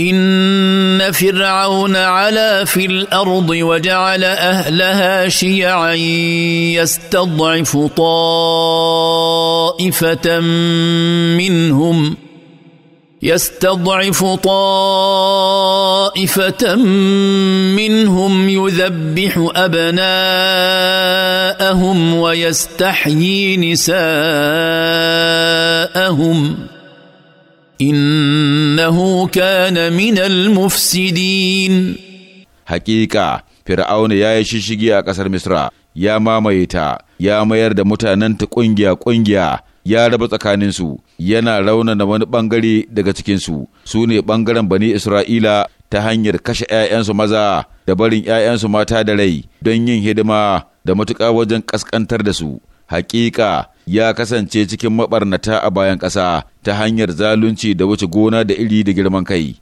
ان فرعون علا في الارض وجعل اهلها شيعا يستضعف طائفه منهم يستضعف طائفه منهم يذبح ابناءهم ويستحيي نساءهم إن إنه كان من المفسدين حقيقة فرعون يا a أكسر مصر ya mamaye ta, ya mayar da mutanenta ƙungiya-ƙungiya, ya raba tsakaninsu, yana raunana wani bangare daga cikinsu, su ne ɓangaren Bani Isra'ila ta hanyar kashe ‘ya'yansu maza da barin ‘ya'yansu mata da rai don yin hidima da matuƙa wajen ƙasƙantar da su. Hakika ya kasance cikin maɓarnata a bayan ƙasa ta hanyar zalunci da wuce gona da iri da girman kai.